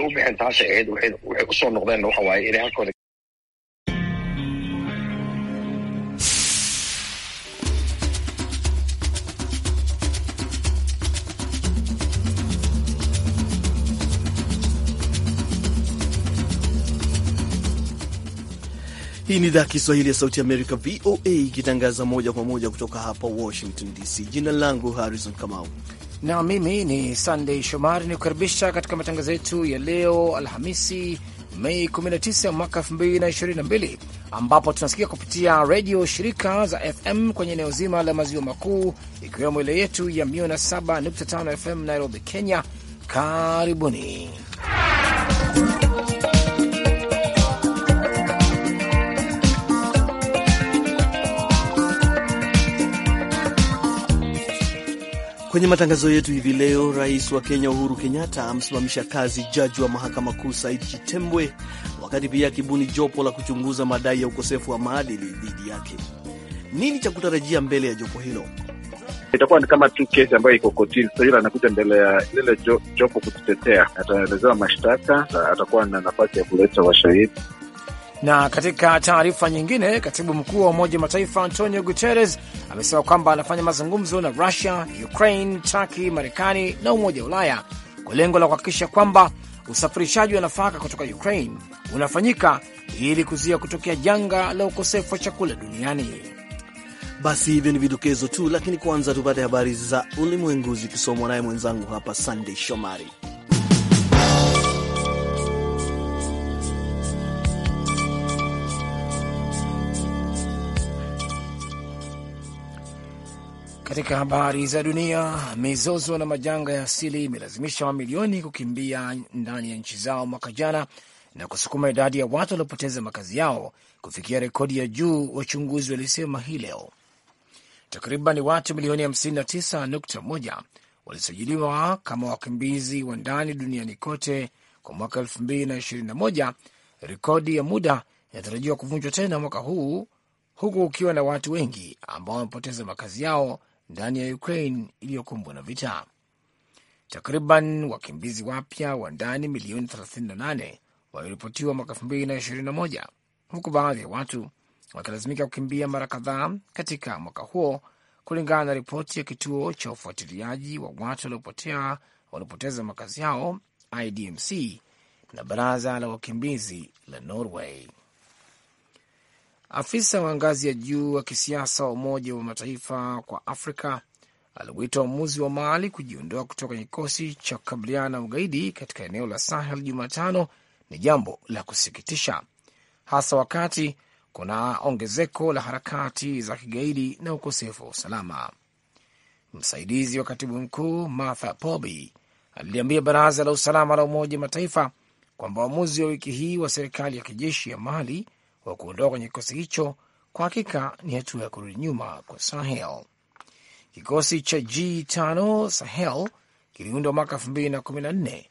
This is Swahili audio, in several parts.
waxay u bixin taasi ahayd waxay usoo noqdeen waxa waaye inay halkooda Hii ni idhaa Kiswahili ya Sauti Amerika, VOA, ikitangaza moja kwa moja kutoka hapa Washington DC. Jina langu Harrison Kamau na mimi ni sandey Shomari ni kukaribisha katika matangazo yetu ya leo Alhamisi, Mei 19 mwaka 2022, ambapo tunasikia kupitia redio shirika za FM kwenye eneo zima la maziwa makuu ikiwemo ile yetu ya 107.5 FM Nairobi, Kenya. Karibuni. Kwenye matangazo yetu hivi leo, rais wa Kenya Uhuru Kenyatta amsimamisha kazi jaji wa mahakama kuu Said Chitembwe, wakati pia akibuni jopo la kuchunguza madai ya ukosefu wa maadili dhidi yake. Nini cha kutarajia mbele ya jopo hilo? Itakuwa ni kama tu kesi ambayo iko kotini sasa. Yule anakuja mbele ya lile jopo kutetea, ataelezewa mashtaka, atakuwa na nafasi ya kuleta washahidi. Na katika taarifa nyingine, katibu mkuu wa Umoja wa Mataifa Antonio Guterres amesema kwamba anafanya mazungumzo na Rusia, Ukraine, Turkey, Marekani na Umoja wa Ulaya kwa lengo la kuhakikisha kwamba usafirishaji wa nafaka kutoka Ukraine unafanyika ili kuzuia kutokea janga la ukosefu wa chakula duniani. Basi hivyo ni vidokezo tu, lakini kwanza tupate habari za ulimwengu zikisomwa naye mwenzangu hapa Sandey Shomari. Katika habari za dunia, mizozo na majanga ya asili imelazimisha mamilioni kukimbia ndani ya nchi zao mwaka jana na kusukuma idadi ya watu waliopoteza makazi yao kufikia rekodi ya juu, wachunguzi walisema hii leo. Takriban watu milioni 59.1 walisajiliwa kama wakimbizi wa ndani duniani kote kwa mwaka 2021. Rekodi ya muda inatarajiwa kuvunjwa tena mwaka huu, huku ukiwa na watu wengi ambao wamepoteza makazi yao ndani ya Ukraine iliyokumbwa na vita. Takriban wakimbizi wapya wa ndani milioni 38 walioripotiwa mwaka 2021 huku baadhi ya watu wakilazimika kukimbia mara kadhaa katika mwaka huo, kulingana na ripoti ya kituo cha ufuatiliaji wa watu waliopotea waliopoteza makazi yao IDMC na baraza la wakimbizi la Norway. Afisa wa ngazi ya juu wa kisiasa wa Umoja wa Mataifa kwa Afrika aliwita uamuzi wa Mali kujiondoa kutoka kwenye kikosi cha kukabiliana na ugaidi katika eneo la Sahel Jumatano ni jambo la kusikitisha, hasa wakati kuna ongezeko la harakati za kigaidi na ukosefu wa usalama. Msaidizi wa katibu mkuu Martha Poby aliliambia baraza la usalama la Umoja wa Mataifa kwamba uamuzi wa wiki hii wa serikali ya kijeshi ya Mali wa kuondoa kwenye kikosi hicho kwa hakika ni hatua ya kurudi nyuma kwa Sahel. Kikosi cha G5 Sahel kiliundwa mwaka 2014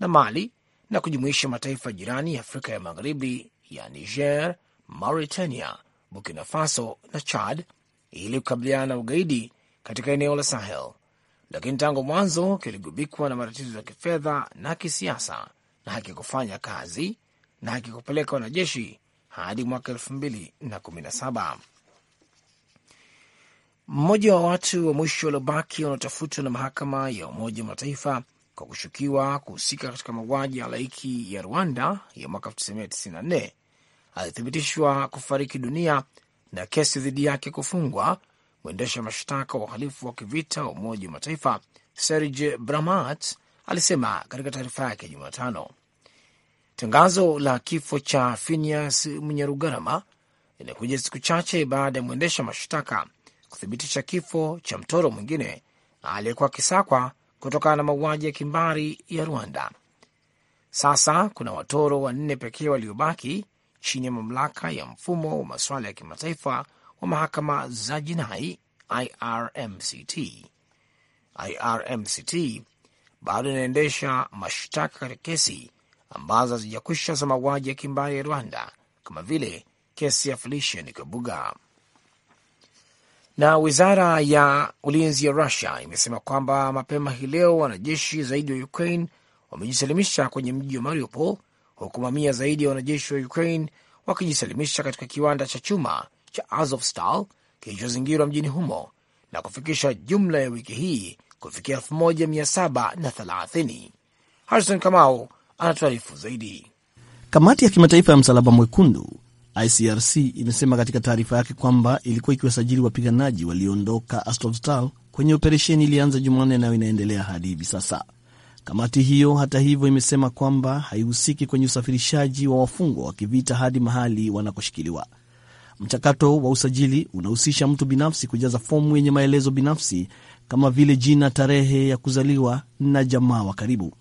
na Mali na kujumuisha mataifa jirani ya Afrika ya Magharibi ya Niger, Mauritania, Burkina Faso na Chad ili kukabiliana na ugaidi katika eneo la Sahel, lakini tangu mwanzo kiligubikwa na matatizo ya kifedha na kisiasa na hakikufanya kazi na hakikupeleka wanajeshi hadi mwaka saba. Mmoja wa watu wa mwisho waliobaki wanaotafutwa na mahakama ya Umoja wa Mataifa kwa kushukiwa kuhusika katika mauaji ya halaiki ya Rwanda ya mwaka 1994 alithibitishwa kufariki dunia na kesi dhidi yake kufungwa. Mwendesha mashtaka wa uhalifu wa kivita wa Umoja wa Mataifa Serge Bramat alisema katika taarifa yake Jumatano. Tangazo la kifo cha Phineas Munyarugarama linakuja siku chache baada ya mwendesha mashtaka kuthibitisha kifo cha mtoro mwingine aliyekuwa akisakwa kutokana na mauaji ya kimbari ya Rwanda. Sasa kuna watoro wanne pekee waliobaki chini ya mamlaka ya mfumo wa masuala ya kimataifa wa mahakama za jinai IRMCT. IRMCT bado inaendesha mashtaka katika kesi ambazo hazijakwisha za mauaji ya kimbari ya Rwanda kama vile kesi ya Felician Kabuga. Na wizara ya ulinzi ya Rusia imesema kwamba mapema hii leo wanajeshi zaidi wa Ukraine wamejisalimisha kwenye mji wa Mariupol, huku mamia zaidi ya wanajeshi wa Ukraine wakijisalimisha katika kiwanda cha chuma cha Azovstal kilichozingirwa mjini humo na kufikisha jumla ya wiki hii kufikia elfu Harison Kamau anatuarifu zaidi. Kamati ya Kimataifa ya Msalaba Mwekundu ICRC imesema katika taarifa yake kwamba ilikuwa ikiwasajili wapiganaji walioondoka Azovstal kwenye operesheni ilianza Jumanne nayo inaendelea hadi hivi sasa. Kamati hiyo hata hivyo imesema kwamba haihusiki kwenye usafirishaji wa wafungwa wa kivita hadi mahali wanakoshikiliwa. Mchakato wa usajili unahusisha mtu binafsi kujaza fomu yenye maelezo binafsi kama vile jina, tarehe ya kuzaliwa na jamaa wa karibu.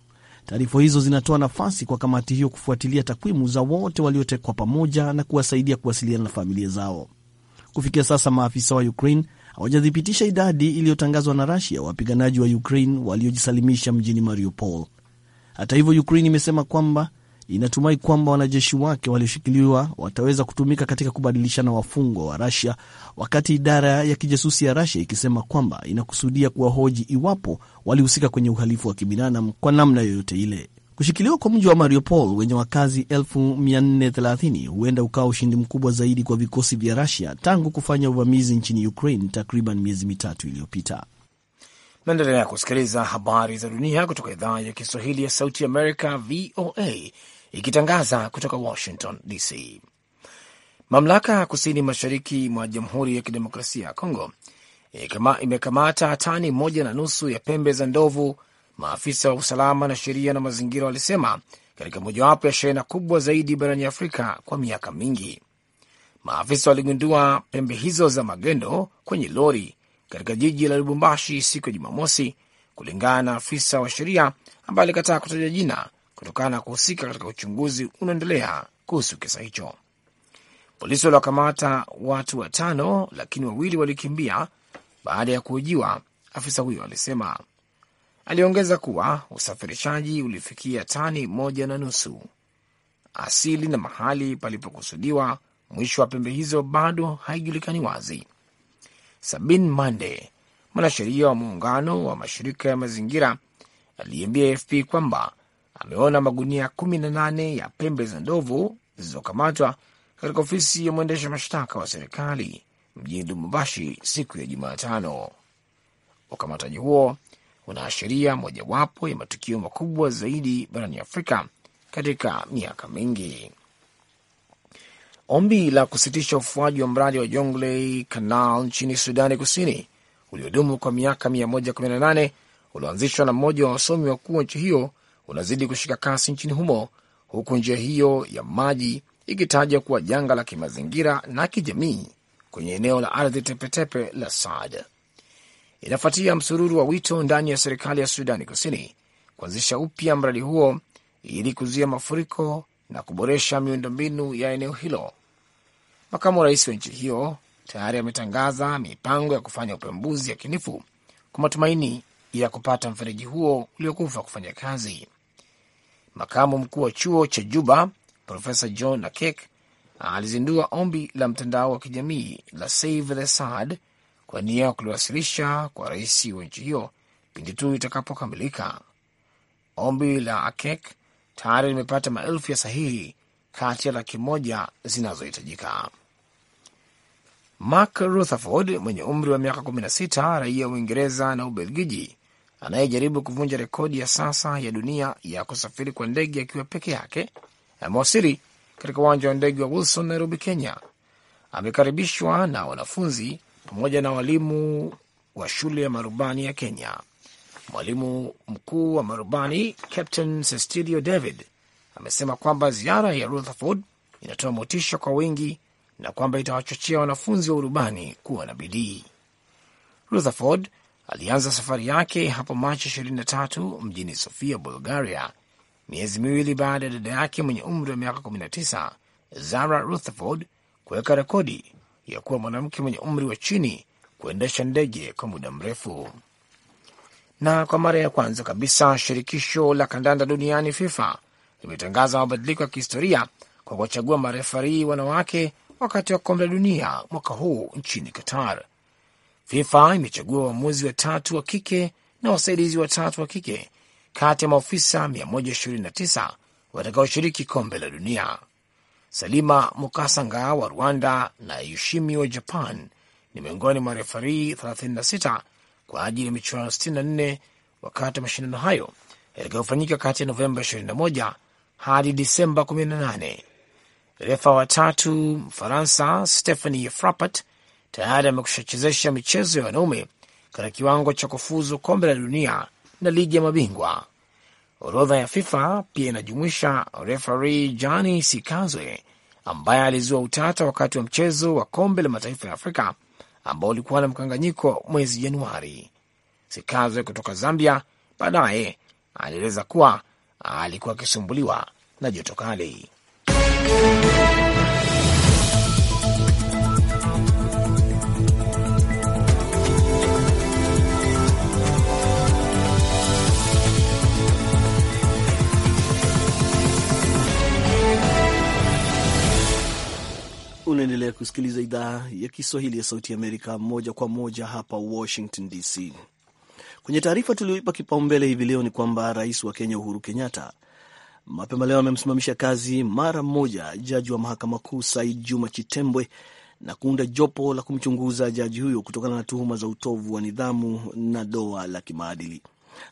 Taarifa hizo zinatoa nafasi kwa kamati hiyo kufuatilia takwimu za wote waliotekwa pamoja na kuwasaidia kuwasiliana na familia zao. Kufikia sasa maafisa wa Ukraine hawajathibitisha idadi iliyotangazwa na Rusia wapiganaji wa Ukraine waliojisalimisha mjini Mariupol. Hata hivyo, Ukraine imesema kwamba inatumai kwamba wanajeshi wake walioshikiliwa wataweza kutumika katika kubadilishana wafungwa wa rasia wakati idara ya kijasusi ya rasia ikisema kwamba inakusudia kuwahoji iwapo walihusika kwenye uhalifu wa kibinadamu kwa namna yoyote ile. Kushikiliwa kwa mji wa Mariupol wenye wakazi 430 huenda ukawa ushindi mkubwa zaidi kwa vikosi vya rasia tangu kufanya uvamizi nchini Ukraine takriban miezi mitatu iliyopita. Naendelea kusikiliza habari za dunia kutoka idhaa ya Kiswahili ya Sauti Amerika, VOA, ikitangaza kutoka Washington DC. Mamlaka ya kusini mashariki mwa Jamhuri ya Kidemokrasia ya Kongo eh, imekamata tani moja na nusu ya pembe za ndovu, maafisa wa usalama na sheria na mazingira walisema katika mojawapo ya shehena kubwa zaidi barani Afrika kwa miaka mingi. Maafisa waligundua pembe hizo za magendo kwenye lori katika jiji la Lubumbashi siku ya Jumamosi, kulingana na afisa wa sheria ambaye alikataa kutaja jina kutokana na kuhusika katika uchunguzi unaendelea kuhusu kisa hicho. Polisi waliwakamata watu watano, lakini wawili walikimbia baada ya kuhojiwa, afisa huyo alisema. Aliongeza kuwa usafirishaji ulifikia tani moja na nusu. Asili na mahali palipokusudiwa mwisho wa pembe hizo bado haijulikani wazi. Sabin Mande, mwanasheria wa muungano wa mashirika ya mazingira, aliambia AFP kwamba ameona magunia 18 ya pembe za ndovu zilizokamatwa katika ofisi ya mwendesha mashtaka wa serikali mjini Lubumbashi siku ya Jumatano. Ukamataji huo unaashiria mojawapo ya matukio makubwa zaidi barani Afrika katika miaka mingi. Ombi la kusitisha ufuaji wa mradi wa Jonglei Canal nchini Sudani Kusini uliodumu kwa miaka 118 ulioanzishwa na mmoja wa wasomi wakuu wa nchi hiyo unazidi kushika kasi nchini humo, huku njia hiyo ya maji ikitajwa kuwa janga la kimazingira na kijamii kwenye eneo la ardhi tepetepe la Saad. Inafuatia msururu wa wito ndani ya serikali ya Sudani Kusini kuanzisha upya mradi huo ili kuzuia mafuriko na kuboresha miundombinu ya eneo hilo. Makamu wa rais wa nchi hiyo tayari ametangaza mipango ya kufanya upembuzi kinifu kwa matumaini ya kupata mfereji huo uliokufa kufanya kazi. Makamu mkuu wa chuo cha Juba Profesa John Nakek alizindua ombi la mtandao wa kijamii la Save the Sad kwa nia ya kuliwasilisha kwa rais wa nchi hiyo pindi tu itakapokamilika. Ombi la Akek tayari limepata maelfu ya sahihi kati ya laki moja zinazohitajika. Mark Rutherford mwenye umri wa miaka 16 raia wa Uingereza na Ubelgiji anayejaribu kuvunja rekodi ya sasa ya dunia ya kusafiri kwa ndege akiwa peke yake amewasili katika uwanja wa ndege wa Wilson, Nairobi, Kenya. Amekaribishwa na wanafunzi pamoja na walimu wa shule ya marubani ya Kenya. Mwalimu mkuu wa marubani Captain Cestilio David amesema kwamba ziara ya Rutherford inatoa motisha kwa wengi na kwamba itawachochea wanafunzi wa urubani kuwa na bidii. Rutherford alianza safari yake hapo Machi 23 mjini Sofia, Bulgaria, miezi miwili baada ya dada yake mwenye umri wa miaka 19 Zara Rutherford kuweka rekodi ya kuwa mwanamke mwenye umri wa chini kuendesha ndege kwa muda mrefu. Na kwa mara ya kwanza kabisa shirikisho la kandanda duniani FIFA limetangaza mabadiliko ya kihistoria kwa kuwachagua marefarii wanawake wakati wa kombe la dunia mwaka huu nchini Qatar. FIFA imechagua waamuzi watatu wa kike na wasaidizi watatu wa kike kati ya maofisa 129 watakaoshiriki kombe la dunia. Salima Mukasanga wa Rwanda na Yushimi wa Japan ni miongoni mwa refarii 36 kwa ajili ya michuano 64 wakati wa mashindano hayo yatakayofanyika kati ya Novemba 21 hadi Disemba 18. Refa watatu Mfaransa Stephanie Frappart tayari amekushachezesha michezo ya wanaume katika kiwango cha kufuzu kombe la dunia na ligi ya mabingwa. Orodha ya FIFA pia inajumuisha refari Jani Sikazwe ambaye alizua utata wakati wa mchezo wa kombe la mataifa ya Afrika ambao ulikuwa na mkanganyiko mwezi Januari. Sikazwe kutoka Zambia baadaye alieleza kuwa alikuwa akisumbuliwa na joto kali. Unaendelea kusikiliza idhaa ya Kiswahili ya Sauti ya Amerika moja kwa moja hapa Washington DC. Kwenye taarifa tulioipa kipaumbele hivi leo ni kwamba rais wa Kenya Uhuru Kenyatta mapema leo amemsimamisha kazi mara moja jaji wa mahakama kuu Said Juma Chitembwe na kuunda jopo la kumchunguza jaji huyo kutokana na tuhuma za utovu wa nidhamu na doa la kimaadili.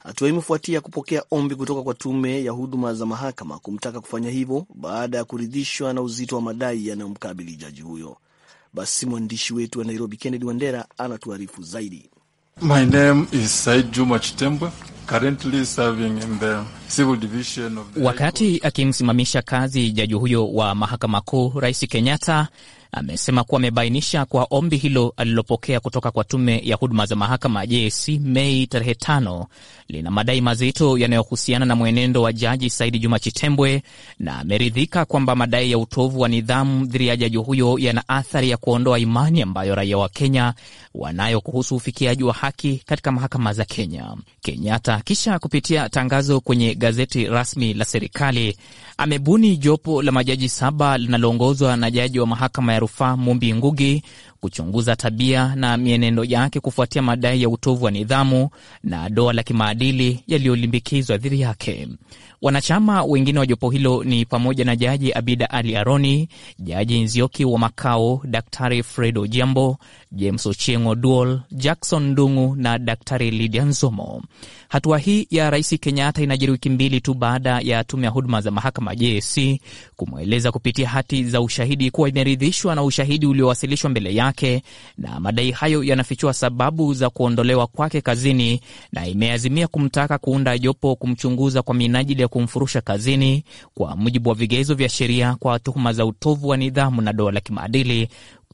Hatua imefuatia kupokea ombi kutoka kwa tume ya huduma za mahakama kumtaka kufanya hivyo baada ya kuridhishwa na uzito wa madai yanayomkabili jaji huyo. Basi mwandishi wetu wa Nairobi, Kennedy Wandera, anatuarifu zaidi. My name is Said Juma Chitembwe. Wakati akimsimamisha kazi jaji huyo wa mahakama kuu, Rais Kenyatta amesema kuwa amebainisha kwa ombi hilo alilopokea kutoka kwa tume ya huduma za mahakama JSC Mei tarehe tano lina madai mazito yanayohusiana na mwenendo wa jaji Saidi Juma Chitembwe, na ameridhika kwamba madai ya utovu wa nidhamu dhidi ya jaji huyo yana athari ya kuondoa imani ambayo raia wa Kenya wanayo kuhusu ufikiaji wa haki katika mahakama za Kenya. Kenyatta kisha kupitia tangazo kwenye gazeti rasmi la serikali amebuni jopo la majaji saba linaloongozwa na jaji wa mahakama ya rufaa Mumbi Ngugi kuchunguza tabia na mienendo yake kufuatia madai ya utovu wa nidhamu na doa la kimaadili yaliyolimbikizwa dhidi yake. Wanachama wengine wa jopo hilo ni pamoja na Jaji Abida Ali Aroni, Jaji Nzioki wa Makao, Daktari Fredo Jambo, James Ochieng'o Duol, Jackson Ndung'u na Daktari Lidia Nzomo. Hatua hii ya Rais Kenyatta inajiri wiki mbili tu baada ya tume ya huduma za mahakama JSC kumweleza kupitia hati za ushahidi kuwa imeridhishwa na ushahidi uliowasilishwa mbele yake, na madai hayo yanafichua sababu za kuondolewa kwake kazini na imeazimia kumtaka kuunda jopo kumchunguza kwa minajili ya kumfurusha kazini kwa mujibu wa vigezo vya sheria kwa tuhuma za utovu wa nidhamu na doa la kimaadili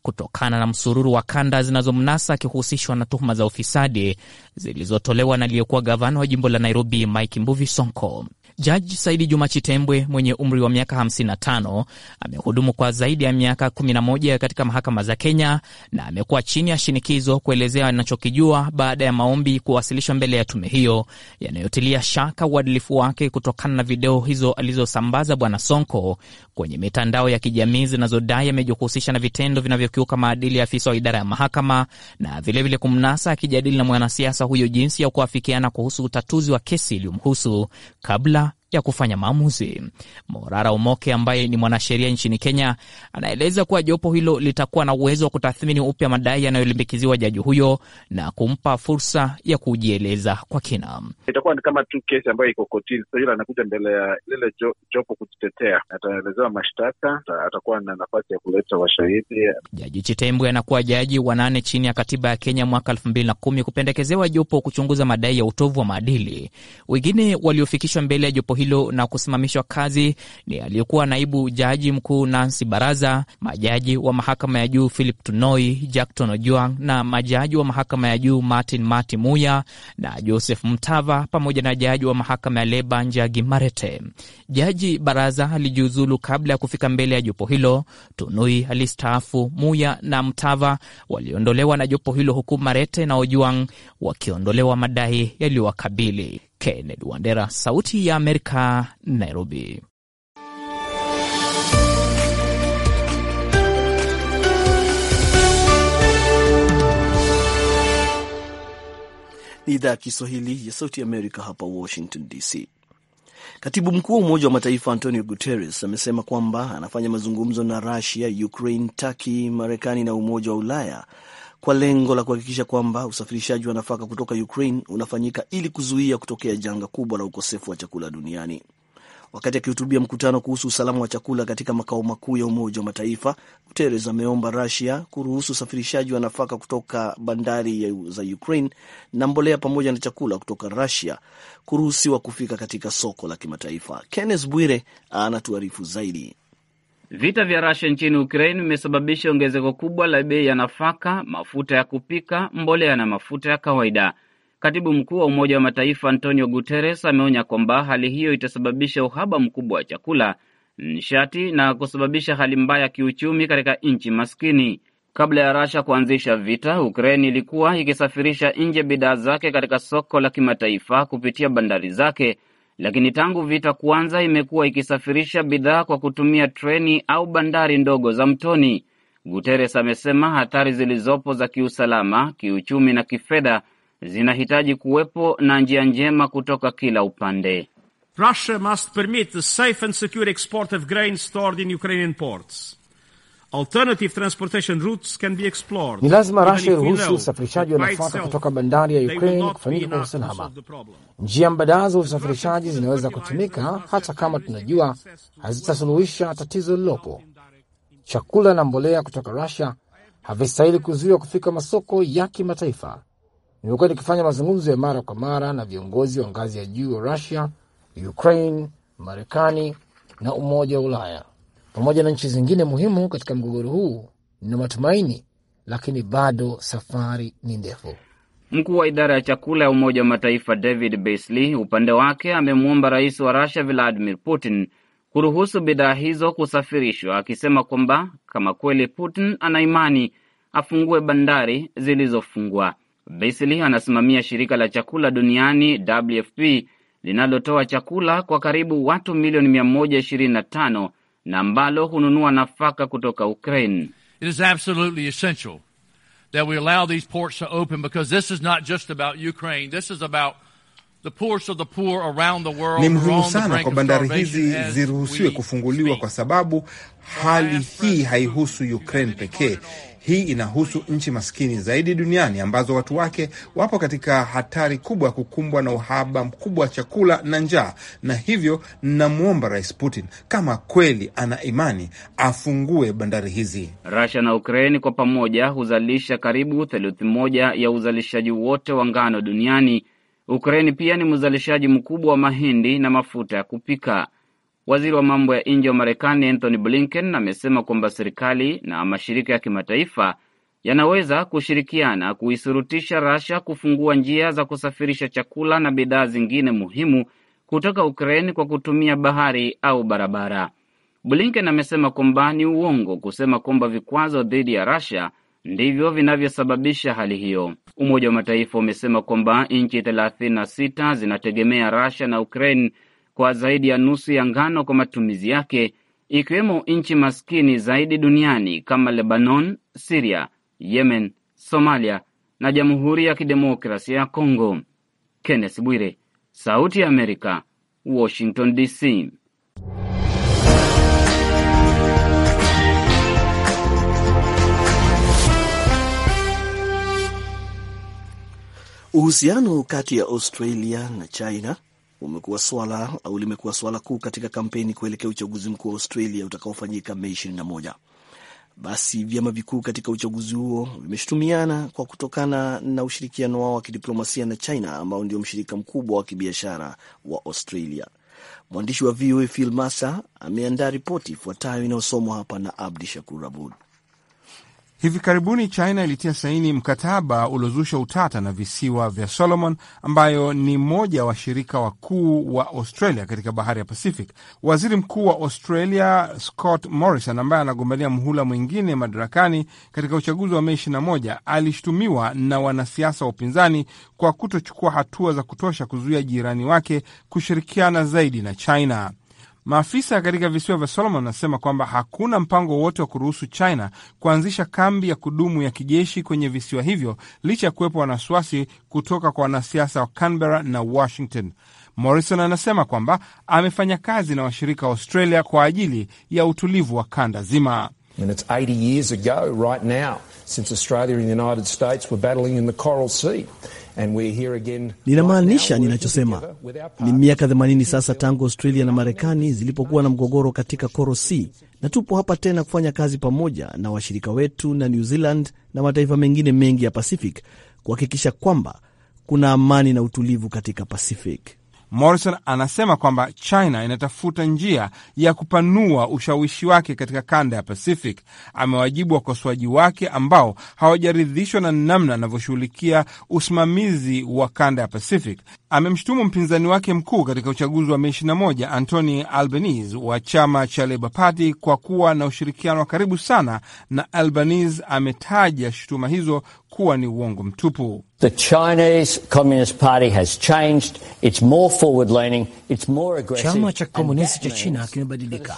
kutokana na msururu wa kanda zinazomnasa akihusishwa na tuhuma za ufisadi zilizotolewa na aliyekuwa gavana wa jimbo la Nairobi Mike Mbuvi Sonko. Jaji Saidi Juma Chitembwe mwenye umri wa miaka 55 amehudumu kwa zaidi ya miaka 11 katika mahakama za Kenya na amekuwa chini ya shinikizo kuelezea anachokijua baada ya maombi kuwasilishwa mbele ya tume hiyo yanayotilia shaka uadilifu wake kutokana na video hizo alizosambaza Bwana Sonko kwenye mitandao ya kijamii zinazodai amejihusisha na vitendo vinavyo kukiuka maadili ya afisa wa idara ya mahakama na vilevile vile kumnasa akijadili na mwanasiasa huyo jinsi ya kuafikiana kuhusu utatuzi wa kesi iliyomhusu kabla ya kufanya maamuzi. Morara Omoke ambaye ni mwanasheria nchini Kenya anaeleza kuwa jopo hilo litakuwa na uwezo wa kutathmini upya madai yanayolimbikiziwa jaji huyo na kumpa fursa ya kujieleza kwa kina. Itakuwa ni kama tu kesi ambayo iko kotini, sasa yule anakuja mbele ya lile jo, jopo kujitetea, ataelezewa mashtaka, atakuwa na nafasi ya kuleta washahidi. Jaji Chitembwe anakuwa jaji wa nane chini ya katiba ya Kenya mwaka elfu mbili na kumi kupendekezewa jopo kuchunguza madai ya utovu wa maadili. Wengine waliofikishwa mbele ya jopo hilo hilo na kusimamishwa kazi ni aliyekuwa naibu jaji mkuu Nancy Baraza, majaji wa mahakama ya juu Philip Tunoi, Jackton Ojuang na majaji wa mahakama ya juu Martin Mati Muya na Joseph Mtava, pamoja na jaji wa mahakama ya leba Njagi Marete. Jaji Baraza alijiuzulu kabla ya kufika mbele ya jopo hilo. Tunui alistaafu, Muya na Mtava waliondolewa na jopo hilo, huku Marete na Ojuang wakiondolewa madai yaliyowakabili. Kennedy Wandera, Sauti ya Amerika, Nairobi. Ni idhaa ya Kiswahili ya Sauti Amerika hapa Washington DC. Katibu mkuu wa Umoja wa Mataifa Antonio Guterres amesema kwamba anafanya mazungumzo na Rusia, Ukraine, Turkey, Marekani na Umoja wa Ulaya kwa lengo la kuhakikisha kwamba usafirishaji wa nafaka kutoka Ukraine unafanyika ili kuzuia kutokea janga kubwa la ukosefu wa chakula duniani. Wakati akihutubia mkutano kuhusu usalama wa chakula katika makao makuu ya Umoja wa Mataifa, Guterres ameomba Russia kuruhusu usafirishaji wa nafaka kutoka bandari za Ukraine na mbolea pamoja na chakula kutoka Russia kuruhusiwa kufika katika soko la kimataifa. Kenneth Bwire anatuarifu zaidi. Vita vya Russia nchini Ukraine vimesababisha ongezeko kubwa la bei ya nafaka, mafuta ya kupika, mbolea na mafuta ya kawaida. Katibu mkuu wa Umoja wa Mataifa Antonio Guterres ameonya kwamba hali hiyo itasababisha uhaba mkubwa wa chakula, nishati na kusababisha hali mbaya ya kiuchumi katika nchi maskini. Kabla ya Rasha kuanzisha vita, Ukraine ilikuwa ikisafirisha nje bidhaa zake katika soko la kimataifa kupitia bandari zake lakini tangu vita kuanza imekuwa ikisafirisha bidhaa kwa kutumia treni au bandari ndogo za mtoni. Guterres amesema hatari zilizopo za kiusalama, kiuchumi na kifedha zinahitaji kuwepo na njia njema kutoka kila upande. Russia must permit the safe and secure export of grain stored in Ukrainian ports. Ni lazima Rasia iruhusu usafirishaji wa nafaka kutoka bandari ya Ukraine kufanyika kwa usalama. Njia mbadala za usafirishaji zinaweza kutumika, hata kama tunajua hazitasuluhisha tatizo lililopo. Chakula na mbolea kutoka Rasia havistahili kuzuiwa kufika masoko ya kimataifa. Nimekuwa nikifanya mazungumzo ya mara kwa mara na viongozi wa ngazi ya juu wa Rusia, Ukraine, Marekani na Umoja wa Ulaya pamoja na nchi zingine muhimu katika mgogoro huu, na matumaini, lakini bado safari ni ndefu. Mkuu wa idara ya chakula ya Umoja wa Mataifa David Beasley upande wake amemwomba rais wa Rusia Vladimir Putin kuruhusu bidhaa hizo kusafirishwa, akisema kwamba kama kweli Putin ana imani afungue bandari zilizofungwa. Beasley anasimamia shirika la chakula duniani WFP linalotoa chakula kwa karibu watu milioni 125 na ambalo hununua nafaka kutoka Ukraine. It is absolutely essential that we allow these ports to open because this is not just about Ukraine. This is about ni muhimu sana kwa bandari hizi ziruhusiwe kufunguliwa kwa sababu hali hii haihusu Ukraine pekee, hii inahusu nchi maskini zaidi duniani ambazo watu wake wapo katika hatari kubwa ya kukumbwa na uhaba mkubwa wa chakula na njaa, na hivyo namwomba Rais Putin kama kweli ana imani afungue bandari hizi. Russia na ukraini kwa pamoja huzalisha karibu theluthi moja ya uzalishaji wote wa ngano duniani. Ukraini pia ni mzalishaji mkubwa wa mahindi na mafuta ya kupika. Waziri wa mambo ya nje wa Marekani Anthony Blinken amesema kwamba serikali na mashirika ya kimataifa yanaweza kushirikiana kuisurutisha Rasha kufungua njia za kusafirisha chakula na bidhaa zingine muhimu kutoka Ukraine kwa kutumia bahari au barabara. Blinken amesema kwamba ni uongo kusema kwamba vikwazo dhidi ya Rasha ndivyo vinavyosababisha hali hiyo. Umoja wa Mataifa umesema kwamba nchi 36 zinategemea Rasha na Ukraine kwa zaidi ya nusu ya ngano kwa matumizi yake, ikiwemo nchi maskini zaidi duniani kama Lebanon, Siria, Yemen, Somalia na Jamhuri ya Kidemokrasia ya Kongo. Kenneth Bwire, Sauti ya Amerika, Washington DC. Uhusiano kati ya Australia na China umekuwa swala au limekuwa swala kuu katika kampeni kuelekea uchaguzi mkuu wa Australia utakaofanyika Mei 21. Basi vyama vikuu katika uchaguzi huo vimeshutumiana kwa kutokana na ushirikiano wao wa kidiplomasia na China ambao ndio mshirika mkubwa wa kibiashara wa Australia. Mwandishi wa VOA Phil Massa ameandaa ripoti ifuatayo inayosomwa hapa na Abdi Shakur Abud. Hivi karibuni China ilitia saini mkataba uliozusha utata na visiwa vya Solomon, ambayo ni mmoja wa washirika wakuu wa Australia katika bahari ya Pacific. Waziri Mkuu wa Australia Scott Morrison, ambaye anagombania mhula mwingine madarakani katika uchaguzi wa Mei 21, alishutumiwa na wanasiasa wa upinzani kwa kutochukua hatua za kutosha kuzuia jirani wake kushirikiana zaidi na China. Maafisa katika visiwa vya Solomon wanasema kwamba hakuna mpango wowote wa kuruhusu China kuanzisha kambi ya kudumu ya kijeshi kwenye visiwa hivyo licha ya kuwepo wanawasiwasi kutoka kwa wanasiasa wa Canberra na Washington. Morrison anasema kwamba amefanya kazi na washirika wa Australia kwa ajili ya utulivu wa kanda zima. I mean, it's 80 years ago right now since Australia and the United States were battling in the Coral Sea. Ninamaanisha ninachosema. Ni miaka 80 sasa tangu Australia na Marekani zilipokuwa na mgogoro katika Coral Sea, na tupo hapa tena kufanya kazi pamoja na washirika wetu na New Zealand na mataifa mengine mengi ya Pacific kuhakikisha kwamba kuna amani na utulivu katika Pacific. Morrison anasema kwamba China inatafuta njia ya kupanua ushawishi wake katika kanda ya Pacific. Amewajibu wakosoaji wake ambao hawajaridhishwa na namna anavyoshughulikia usimamizi wa kanda ya Pacific. Amemshutumu mpinzani wake mkuu katika uchaguzi wa Mei 21 Anthony Albanese wa chama cha Labour Party kwa kuwa na ushirikiano wa karibu sana na Albanese. Ametaja shutuma hizo kuwa ni uongo mtupu. Chama cha komunisti cha China kimebadilika,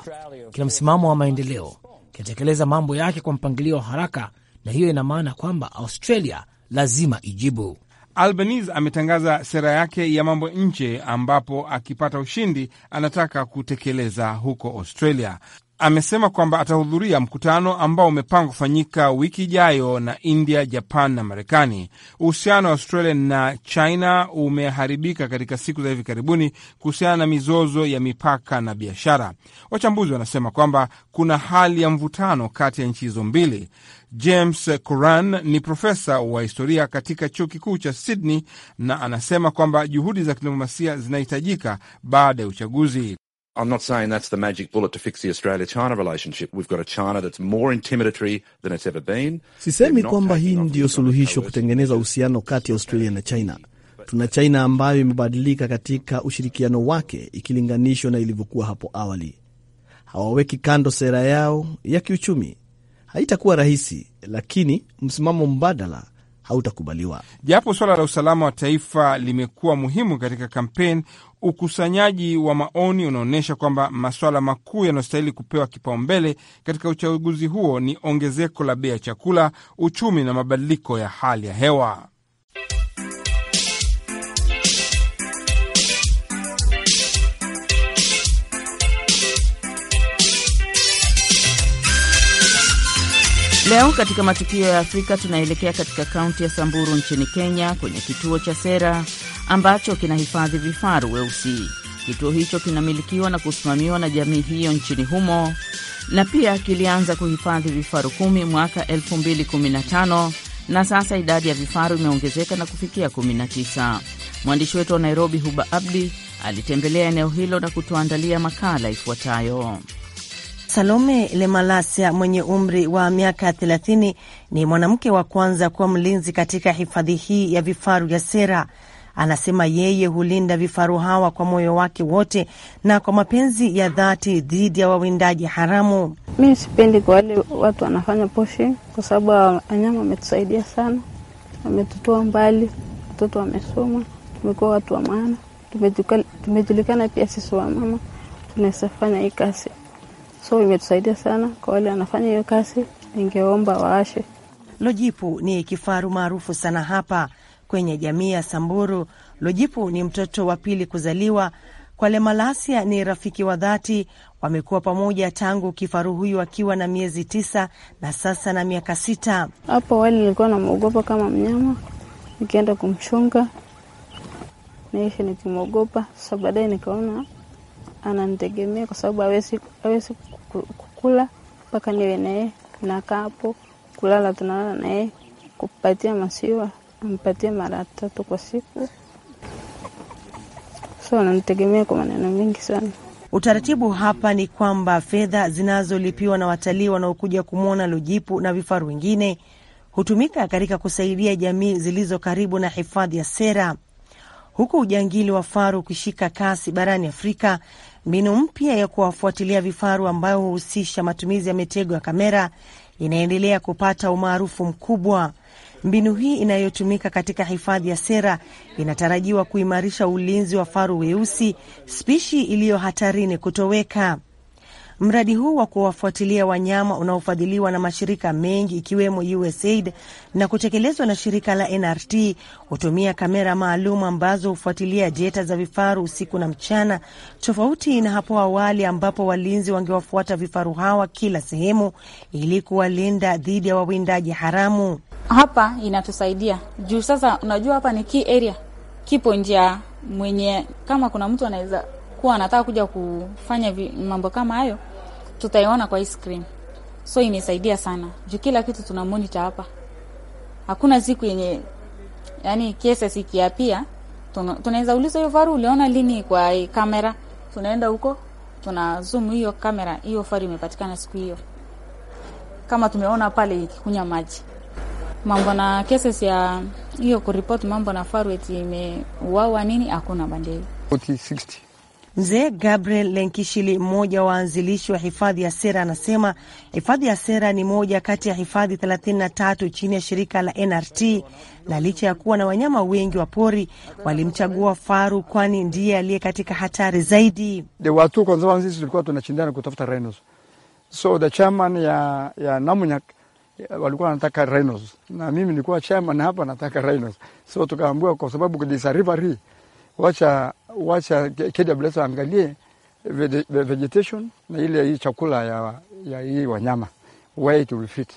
kina msimamo wa maendeleo, kinatekeleza mambo yake kwa mpangilio wa haraka, na hiyo ina maana kwamba Australia lazima ijibu. Albanese ametangaza sera yake ya mambo nje ambapo akipata ushindi anataka kutekeleza huko Australia amesema kwamba atahudhuria mkutano ambao umepangwa kufanyika wiki ijayo na India, Japan na Marekani. Uhusiano wa Australia na China umeharibika katika siku za hivi karibuni kuhusiana na mizozo ya mipaka na biashara. Wachambuzi wanasema kwamba kuna hali ya mvutano kati ya nchi hizo mbili. James Curran ni profesa wa historia katika chuo kikuu cha Sydney na anasema kwamba juhudi za kidiplomasia zinahitajika baada ya uchaguzi. I'm not saying that's the magic bullet to fix the Australia-China relationship. We've got a China that's more intimidatory than it's ever been. Sisemi kwamba hii ndiyo suluhisho kutengeneza uhusiano kati ya Australia na China. Tuna China ambayo imebadilika katika ushirikiano wake ikilinganishwa na ilivyokuwa hapo awali. Hawaweki kando sera yao ya kiuchumi. Haitakuwa rahisi, lakini msimamo mbadala hautakubaliwa. Japo suala la usalama wa taifa limekuwa muhimu katika kampeni, Ukusanyaji wa maoni unaonyesha kwamba masuala makuu yanayostahili kupewa kipaumbele katika uchaguzi huo ni ongezeko la bei ya chakula, uchumi na mabadiliko ya hali ya hewa. Leo katika matukio ya Afrika tunaelekea katika kaunti ya Samburu nchini Kenya, kwenye kituo cha sera ambacho kinahifadhi vifaru weusi. Kituo hicho kinamilikiwa na kusimamiwa na jamii hiyo nchini humo na pia kilianza kuhifadhi vifaru kumi mwaka 2015 na sasa idadi ya vifaru imeongezeka na kufikia 19. Mwandishi wetu wa Nairobi, Huba Abdi, alitembelea eneo hilo na kutuandalia makala ifuatayo. Salome Lemalasia mwenye umri wa miaka 30 ni mwanamke wa kwanza kuwa mlinzi katika hifadhi hii ya vifaru ya Sera Anasema yeye hulinda vifaru hawa kwa moyo wake wote na kwa mapenzi ya dhati dhidi ya wawindaji haramu. Mi sipendi kwa wale watu wanafanya poshi, kwa sababu wanyama wametusaidia sana, wametutoa mbali, watoto wamesoma, tumekuwa watu wa maana, tumejulikana pia sisi wamama tunaweza fanya hii kazi, so imetusaidia sana. Kwa wale wanafanya hiyo kazi, ningeomba waashe. Lojipu ni kifaru maarufu sana hapa kwenye jamii ya Samburu. Lujipu ni mtoto wa pili kuzaliwa kwa Lemalasia. Ni rafiki wa dhati, wamekuwa pamoja tangu kifaru huyu akiwa na miezi tisa na sasa na miaka sita. Hapo awali nilikuwa namwogopa kama mnyama, nikienda kumchunga naishi nikimwogopa. Sasa baadaye nikaona ananitegemea kwa sababu hawezi kukula mpaka niwe naye, nakaa hapo kulala, tunalala naye, kupatia masiwa mpatie mara tatu kwa siku, so wanamtegemea kwa maneno mengi sana. Utaratibu hapa ni kwamba fedha zinazolipiwa na watalii wanaokuja kumwona Lujipu na vifaru wengine hutumika katika kusaidia jamii zilizo karibu na hifadhi ya Sera. Huku ujangili wa faru ukishika kasi barani Afrika, mbinu mpya ya kuwafuatilia vifaru ambayo huhusisha matumizi ya mitego ya kamera inaendelea kupata umaarufu mkubwa. Mbinu hii inayotumika katika hifadhi ya Sera inatarajiwa kuimarisha ulinzi wa faru weusi, spishi iliyo hatarini kutoweka. Mradi huu wa kuwafuatilia wanyama unaofadhiliwa na mashirika mengi ikiwemo USAID na kutekelezwa na shirika la NRT hutumia kamera maalum ambazo hufuatilia jeta za vifaru usiku na mchana, tofauti na hapo awali ambapo walinzi wangewafuata vifaru hawa kila sehemu ili kuwalinda dhidi ya wawindaji haramu hapa inatusaidia juu sasa, unajua hapa ni key area, kipo njia mwenye, kama kuna mtu anaweza kuwa anataka kuja kufanya mambo kama hayo, tutaiona kwa hii screen. So imesaidia sana juu kila kitu tuna monitor hapa, hakuna siku yenye yani cases ikiapia tunaweza uliza hiyo faru uliona lini kwa kamera, tunaenda huko tuna zoom hiyo kamera, hiyo faru imepatikana siku hiyo, kama tumeona pale ikikunya maji mambo na cases ya hiyo kuripoti mambo na Farwet imeuawa nini, hakuna bandeli 40, Mzee Gabriel Lenkishili, mmoja wa waanzilishi wa hifadhi ya Sera, anasema hifadhi ya Sera ni moja kati ya hifadhi 33 chini ya shirika la NRT, na licha ya kuwa na wanyama wengi wa pori, walimchagua faru, kwani ndiye aliye katika hatari zaidi. Watu kwanza, tulikuwa tunashindana kutafuta rhinos, so the chairman ya, ya Namunyak Eh, walikuwa wanataka rhinos na mimi nilikuwa chairman hapa, nataka rhinos, so tukaambiwa kwa sababu disarivari, wacha wacha KWS angalie vegetation na ile hii chakula ya, ya hii wanyama where it will fit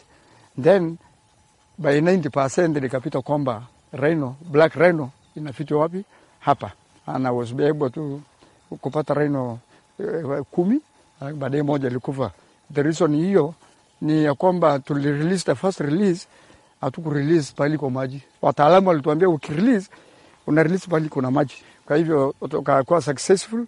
then by 90% likapita kwamba rhino black rhino inafitwa wapi hapa, and I was able to kupata rhino eh, kumi, ah, baadaye moja likufa. The reason hiyo ni ya kwamba tulirelease the first release, hatukurelease pahali kwa maji. Wataalamu walituambia ukirelease una release pahali kuna maji, kwa hivyo tukakuwa successful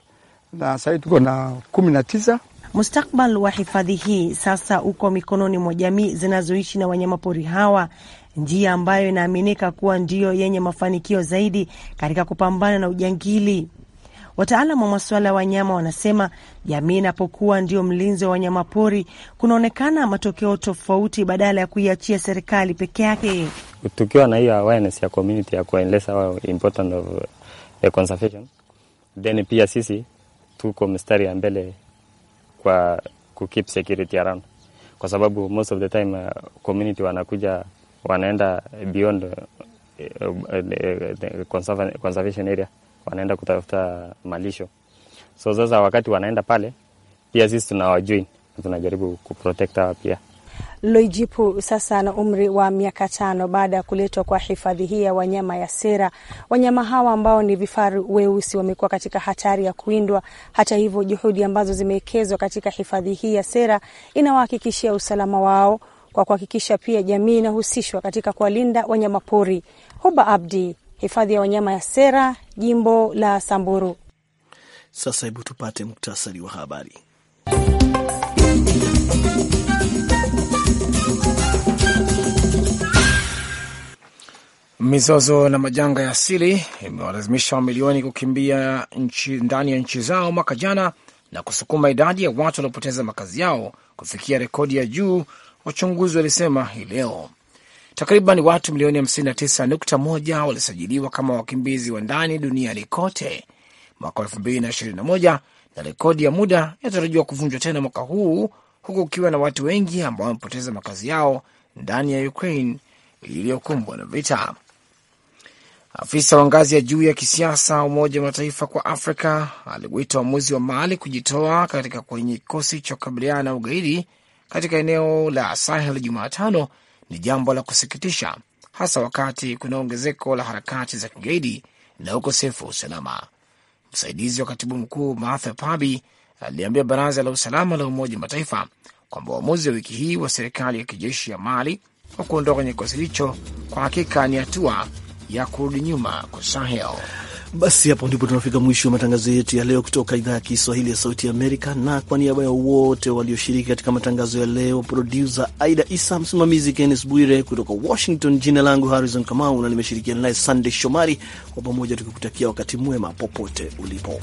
na sahii tuko na kumi na tisa. Mustakbal wa hifadhi hii sasa uko mikononi mwa jamii zinazoishi na wanyamapori hawa, njia ambayo inaaminika kuwa ndiyo yenye mafanikio zaidi katika kupambana na ujangili. Wataalam wa masuala ya wanyama wanasema jamii inapokuwa ndio mlinzi wa wanyama pori, kunaonekana matokeo tofauti badala ya kuiachia serikali peke yake. Tukiwa na hiyo awareness ya community ya important of the eh, conservation, then pia sisi tuko mstari ya mbele kwa kukeep security around, kwa sababu most of the time uh, community wanakuja wanaenda beyond uh, uh, uh, the conservation area wanaenda kutafuta malisho. So sasa wakati wanaenda pale, pia sisi tunawajui na tunajaribu kuprotect hawa pia. Loijipu sasa ana umri wa miaka tano baada ya kuletwa kwa hifadhi hii ya wanyama ya Sera. Wanyama hawa ambao ni vifaru weusi wamekuwa katika hatari ya kuindwa. Hata hivyo, juhudi ambazo zimewekezwa katika hifadhi hii ya Sera inawahakikishia usalama wao kwa kuhakikisha pia jamii inahusishwa katika kuwalinda wanyamapori. Huba Abdi, hifadhi ya wanyama ya Sera, jimbo la Samburu. Sasa hebu tupate muktasari wa habari. Mizozo na majanga ya asili imewalazimisha mamilioni kukimbia nchi, ndani ya nchi zao mwaka jana na kusukuma idadi ya watu waliopoteza makazi yao kufikia rekodi ya juu, wachunguzi walisema hii leo. Takriban watu milioni 59.1 walisajiliwa kama wakimbizi wa ndani duniani kote mwaka 2021 na rekodi ya muda inatarajiwa kuvunjwa tena mwaka huu huku ukiwa na watu wengi ambao wamepoteza makazi yao ndani ya Ukraine iliyokumbwa na vita. Afisa wa ngazi ya juu ya kisiasa Umoja wa Mataifa kwa Afrika aliwita uamuzi wa Mali kujitoa katika kwenye kikosi cha kukabiliana na ugaidi katika eneo la Sahel Jumatano ni jambo la kusikitisha, hasa wakati kuna ongezeko la harakati za kigaidi na ukosefu wa usalama. Msaidizi wa katibu mkuu Martha Pabi aliambia baraza la usalama la Umoja Mataifa kwamba uamuzi wa wiki hii wa serikali ya kijeshi ya Mali wa kuondoa kwenye kikosi hicho kwa hakika ni hatua ya kurudi nyuma kwa Sahel. Basi hapo ndipo tunafika mwisho wa matangazo yetu ya leo kutoka idhaa ya Kiswahili ya Sauti Amerika, na kwa niaba ya wote walioshiriki katika matangazo ya leo, produsa Aida Isa, msimamizi Kennes Bwire kutoka Washington, jina langu Harrison Kamau na nimeshirikiana naye Sandey Shomari, kwa pamoja tukikutakia wakati mwema popote ulipo.